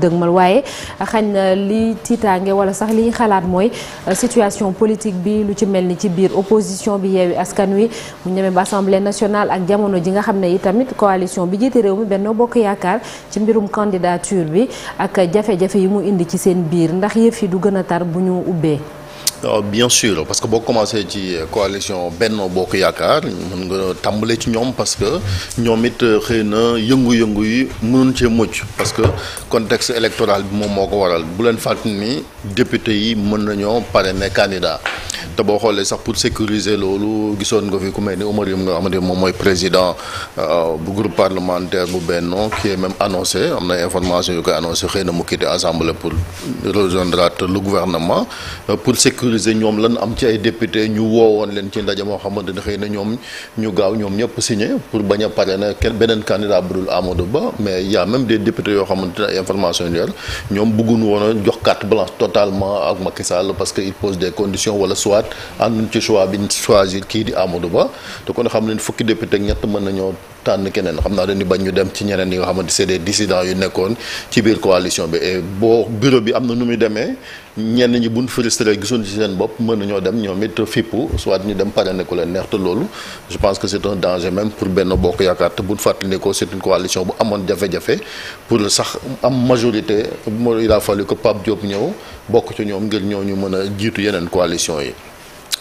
dëgmal waaye xañ na li tiitaange wala sax li xalaat mooy euh, situation politique bi lu ci mel ni ci biir opposition bi yeewi askan wi mu ñemee ba assemblée national ak jamono ji nga xam ne itamit coalition bi jiite réew mi benn Bokk Yaakaar ci mbirum candidature bi ak jafe-jafe yi mu indi ci seen biir ndax yëf yi du gën a tar bu ñu ubbee waaw bien sûr parce que boo commencé ci coalition Benno Bokk Yaakaar mën nga tàmbale ci ñoom parce que ñoom it euh, xëy na yëngu-yëngu yi mënuñ cee mucc parce que contexte électoral bi moom moo ko waral bu leen fàttali ni député yi mën nañoo parrainer candidat te boo xoolee sax pour sécuriser loolu gisoon nga fi ku mel ni Oumar Youm nga xamante moom mooy président euh, bu groupe parlementaire bu Benno qui est même annoncé am na information yu koy annoncé xëy na mu quitté assemblée pour rejoindre le gouvernement euh, pour sécuriser mobiliser ñoom lan am ci ay député ñu woowoon leen ci ndaje moo xamante ne xëy na ñoom ñu gaaw ñoom ñëpp signé pour bañ a parrainer kenn beneen candidat bu dul yoo xamante ne ay informations yu ñoom bëgguñu woon a jox carte que il pose des conditions wala soit ànduñ ci choix bi ñu choisir kii di Amadou Ba te kon xam ne fukki député ak ñett mën nañoo tànn keneen xam naa dem ci ñeneen yi nga xamante c'est des dissidents yu nekkoon ci biir bi et boo bureau bi am na nu muy demee. ñenn ñi buñ frustré gisoon ci seen bopp mën nañoo dem ñoom it fippu soit ñu dem parrainer ku leen neex te loolu je pense que c'est un danger même pour benn bokk yaakaar te buñ fàttali ko c'est coalition bu amoon jafe-jafe pour sax am majorité il a fallu que Pape Diop ñëw bokk ci ñoom ngir ñoo ñu mën a jiitu yeneen coalition yi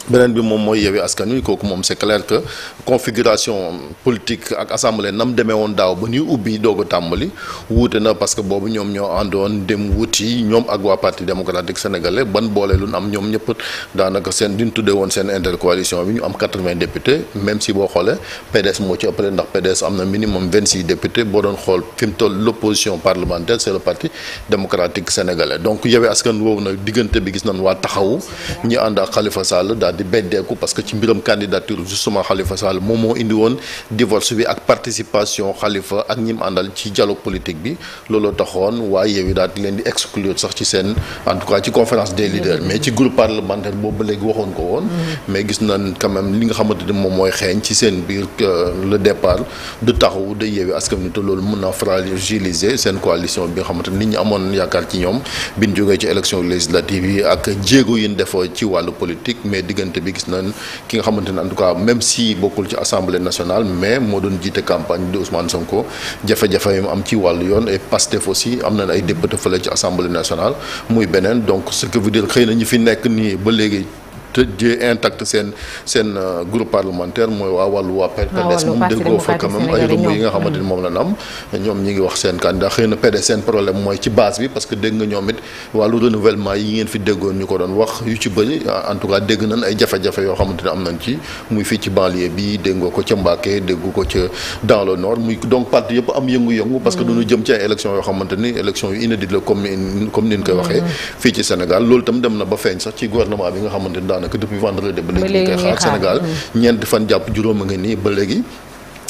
beneen bi moom mooy Yewwi Askan Wi kooku moom c'est clair que configuration politique ak assemblée nam demee woon daaw ba ñuy ubbi doog a tàmbali wuute na parce que boobu ñoom ñoo àndoon dem wuti ñoom ak waa parti démocratique sénégalais ban boole lu am ñoom ñëpp daanaka seen duñ tuddee woon seen intercoalition bi ñu am 80 députés même si boo xoolee PDS moo ci ëppale ndax PDS am na minimum 26 députés boo doon xool fi mu toll l'opposition parlementaire c'est le parti démocratique sénégalais donc Yewwi Askan woowu nag diggante bi gis nañ waa taxawu ñi ànd ak Khalifa Sall daal di beddeeku parce que ci mbiram candidature justement Khalifa Sall moom moo indi woon divorce bi ak participation Khalifa ak ñi àndal ci dialogue politique bi looloo taxoon waa Yewwi daal leen di exclure sax ci seen en tout cas ci conférence des leaders mm-hmm. mais ci groupe parlementaire boobu léegi waxoon ko woon mm-hmm. mais gis nañ quand li nga xamante ni moom mooy xeeñ ci seen biir euh, le départ de Taxawu de Yewwi Askan Wi te loolu mën naa fragiliser seen coalition diggante bi gis nañ ki nga xamante ne en tout cas même si bokkul ci assemblée nationale mais moo doon jiite campagne di Ousmane Sonko jafe-jafe yi mu am ci wàllu yoon et Pastef aussi am nañ ay député fële ci assemblée nationale muy beneen donc ce que veut xëy na ñu fi nekk nii ba léegi. tëjee intact seen seen euh, groupe parlementaire mooy waa wàllu waa PDS moom déggoo fa am mooy ci base bi parce que dégg nga ñoom wàllu renouvellement yi ngeen fi déggoon ñu ko doon wax yu ci bëri en tout cas dégg nañ ay jafe-jafe yoo xamante am nañ ci muy fii ci banlieue bi dégg ko ca Mbacké dégg ko ca dans le nord muy donc parti yëpp am yëngu-yëngu parce que duñu jëm ci ay élection yoo xamante élection yu inédite la comme comme ni naka depuis vendredi ba léegi ñu koy xaar Sénégal hmm. ñeenti fan jàpp juróom a nga nii ba léegi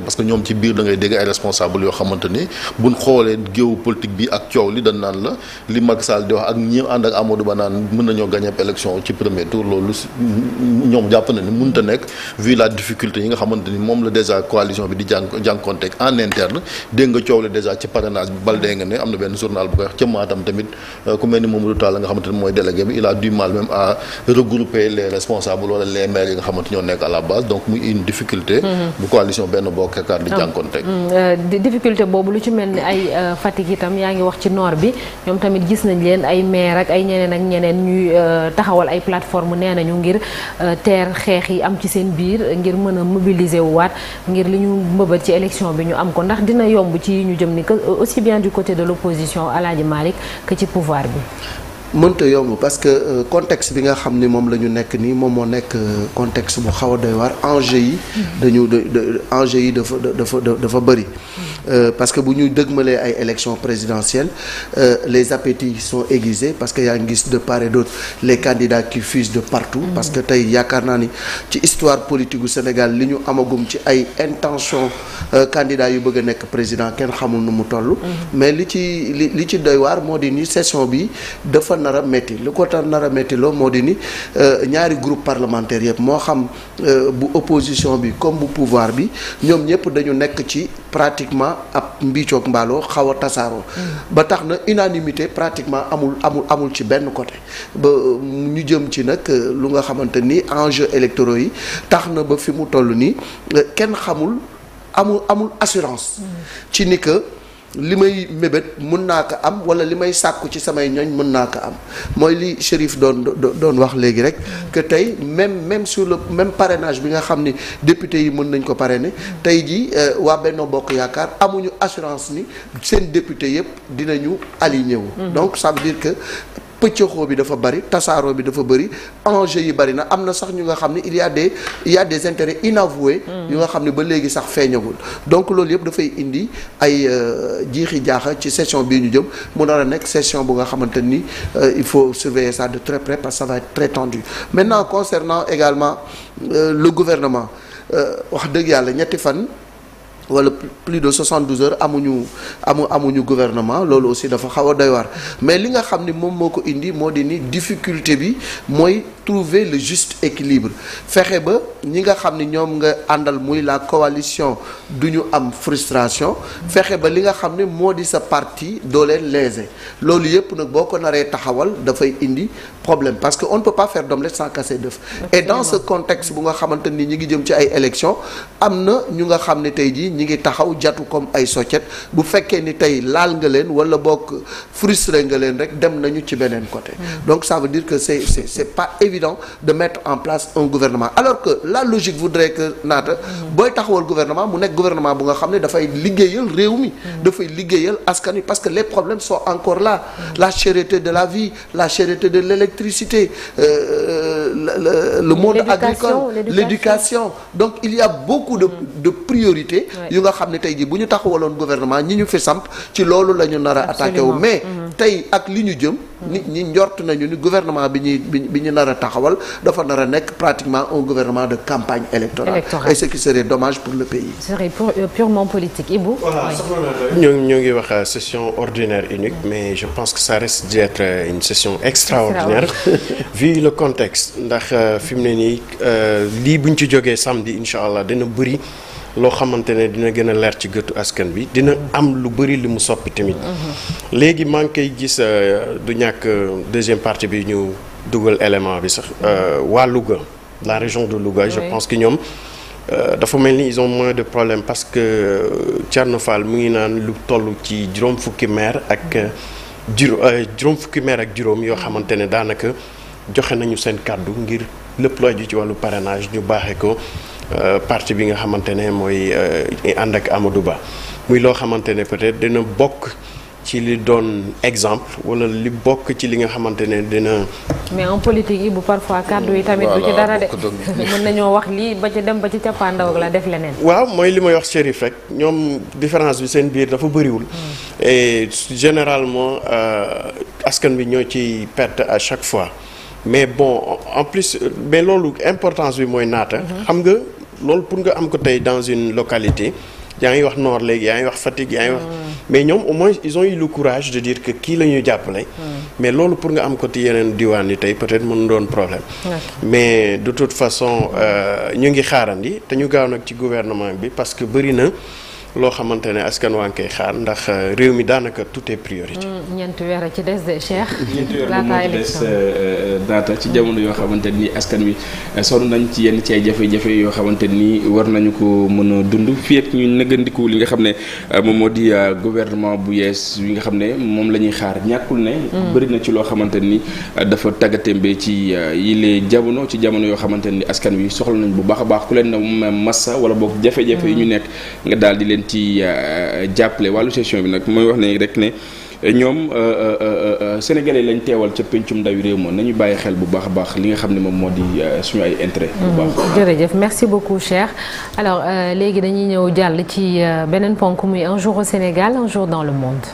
parce que ñoom ci biir da ngay dégg ay responsable yoo xamante ni buñ xoolee géopolitique bi ak coow li dañ naan la li Macky Sall di wax ak ñi ànd ak Amadou Ba naan mën nañoo gagné élection ci premier tour loolu ñoom jàpp na ni mënut a nekk vu la difficulté yi nga xamante ni moom la déjà coalition bi di jànk jànkonteeg en interne dégg nga coow la déjà ci parrainage bi bal dee nga ne am na benn journal bu koy wax ca Matam tamit euh, ku mel ni Mamadou Tall a du mal même à regrouper la base benn bokk yaakaar di ah. jànkoonte mm, euh, difficulté boobu lu ci mel ni ay euh, Fatick itam yaa ngi wax ci noor bi ñoom tamit gis nañ leen ay maire ak ay ñeneen ak ñeneen ñuy euh, taxawal ay plateforme nee nañu ngir teer xeex yi am ci seen biir ngir mën a mobiliser wu waat ngir li ñu mbëbët ci élection bi ñu am ko ndax dina yomb ci ñu jëm ni que aussi bien du côté de l'opposition Alaaji Malick que ci pouvoir bi mënta yomb parce que euh, contexte bi nga xam ni moom la nekk nii moom moo nekk euh, contexte bu xaw a doy waar enjeu yi. Mm-hmm. dañu de enjeu yi dafa dafa dafa bëri. Mm-hmm. Euh, parce que bu ñuy dëgmalee ay élections présidentielles les appétits sont aiguisés parce que yaa ngi gis de part et d'autre les candidats qui fusent de partout. Mm-hmm. parce que tey yaakaar naa ni ci histoire politique Sénégal li ñu amagum ci ay intention candidats yu bëgg a nekk président kenn xamul nu mu toll. mais li ci li ci doy moo di ni bi ko nar a métti li ko ta nar a loo moo di ni euh, ñaari groupe parlementaire yëpp moo xam euh, bu opposition bi comme bu pouvoir bi ñoom ñëpp dañu nekk ci pratiquement ab mbiicoog mbaaloo xaw a tasaaroo mm. ba tax na unanimité pratiquement amul amul amul ci benn côté ba ñu jëm ci nag euh, lu nga xamante ni enjeu électoraux yi tax na ba fi mu toll nii kenn xamul amul amul assurance mm. ci ni li may mébét mun naa ko am wala li may sàkku ci samay ñooñ mun naa ko am mooy li Chérif doon doon wax léegi rek que tey même même sur le même parrainage bi nga xam ni député yi mën nañ ko pare parrainer tey jii euh, waa Benno Bokk Yaakaar amuñu assurance ni seen député yëpp dinañu aligné wu mm-hmm. donc ça que pëccëxoo bi dafa bëri tasaaroo bi dafa bëri enjeu yi bëri na am na sax ñu nga xam ne il y a des il y hmm. yu nga xam ne ba léegi sax feeñagul donc loolu yëpp dafay indi ay euh, jiixi jaaxa ci session bii ñu jëm mu nar a nekk session bu nga xamante ni euh, il faut surveiller ça de très près parce que ça va être tendu maintenant concernant également euh, le gouvernement euh, wax dëgg yàlla ñetti fan wala plus de 72 heures amuñu amu amuñu gouvernement loolu aussi dafa xaw a doy waar mais li nga xam ni moom moo ko indi moo di ni difficulté bi mooy trouver le juste équilibre fexe ba ñi nga xam ni ñoom nga àndal muy la coalition du ñu am frustration fexe ba li nga xam ni moo di sa parti doo leen léser loolu yëpp nag boo ko naree taxawal dafay indi problème parce que on ne peut pas faire d'omelette sans casser d'œuf et dans ce contexte bu nga xamante ni ñi ngi jëm ci ay élections am na ñu nga xam ne tey jii ñi ngi taxaw jatu comme ay soccet bu fekkee ni tey laal nga leen wala bokk frustré nga leen rek dem nañu ci beneen côté hmm. évident de mettre en place un gouvernement alors que la logique voudrait que naata booy taxawal gouvernement mu nekk gouvernement bu nga xam ne dafay liggéeyal réew mi dafay liggéeyal askan wi parce que les problèmes sont encore là la cherté de la vie la cherté de l'électricité euh, le, le monde agricole l'éducation donc il y a beaucoup de mm. de priorités yu nga xam ne tey jii bu ñu taxawaloon gouvernement ñi ñu fi samp ci loolu la ñu nar a attaqué mais mm-hmm. tey ak li a taxawal dafa nar nekk pratiquement un gouvernement de campagne électorale et ce qui serait dommage pour le pays. serait euh, purement politique Ibou. ñoo ngi ñoo ngi wax euh, session ordinaire unique mais je pense que ça risque d'être euh, une session extraordinaire vu le contexte ndax fi mu ne nii lii bu ñu ci jógee samedi incha allah dina bëri. loo xamante ne dina gën a leer ci gëtu askan bi dina am lu bëri li mu soppi tamit. léegi maa ngi koy gis euh, du ñàkk euh, deuxième partie bi ñu dugal élément bi sax euh, waa Louga la région de Louga. je pense que ñoom dafa mel ni ils ont moins de problème parce que Thierno Fall mu ngi naan lu toll ci juróom fukki maire ak. juróom fukki maire ak juróom yoo xamante ne daanaka joxe nañu seen kàddu ngir lépp loo aju ci wàllu parrainage ñu baaxee ko. Euh, parti bi nga xamante ne mooy euh, ànd ak Amadou Ba muy loo xamante ne peut-être dina bokk ci li doon exemple wala li bokk ci li nga xamante ne dina. mais en politique yi bu parfois kàddu yi tamit. du ci dara de mën nañoo wax lii ba ci dem ba ci cappaandaw la def leneen. waaw mooy li may wax Chérif rek ñoom différence bi seen biir dafa bëriwul. Hmm. et généralement euh, askan bi ñoo ci perte à chaque fois mais bon en plus mais loolu importance bi mooy naata. Hmm. xam nga. loolu pour nga am ko tey dans une localité yaa ngi wax Nord léegi yaa ngi wax Fatick yaa ngi wax. Hmm. mais ñoom au moins ils ont eu le courage de dire que kii la ñuy jàppale. Hmm. mais loolu pour nga am ko ci yeneen diwaan yi tey peut-être mën doon problème. mais de toute façon euh, ñu ngi xaarandi te ñu gaaw nag ci gouvernement bi parce que bëri na. loo xamante ne askan waa ngi koy xaar ndax euh, réew mi daanaka tout est priorité. Mm, ñeenti weer ci des de Cheikh. ñeenti weer moo ci daata euh, euh, ci jamono yoo xamante ni askan wi sonn nañ ci yenn ci ay yoo xamante ni war nañu ko mën a dund fii ak ñu nëgëndiku li nga xam ne moom moo di gouvernement bu yees yi nga xam ne moom la ñuy xaar ñàkkul ne. Mm. bëri na ci loo xamante ni dafa tàggatémbe ci yile jamono ci jamono yoo xamante ni askan wi soxla nañ bu baax a baax ku leen massa wala book jafe-jafe yi ñu mm. nekk nga daal di leen. ci euh, jàppale wàllu gestion bi nag mooy wax ne rek ne euh, ñoom euh, sénégalais lañ teewal ca pencum ndawi réew ma nañu bàyyi xel bu baax a baax li nga xam ne moom moo di suñu ay intérêt. bu baax mm, jërëjëf merci beaucoup Cheikh alors léegi dañuy ñëw jàll ci beneen ponk muy un jour au Sénégal un jour dans le monde.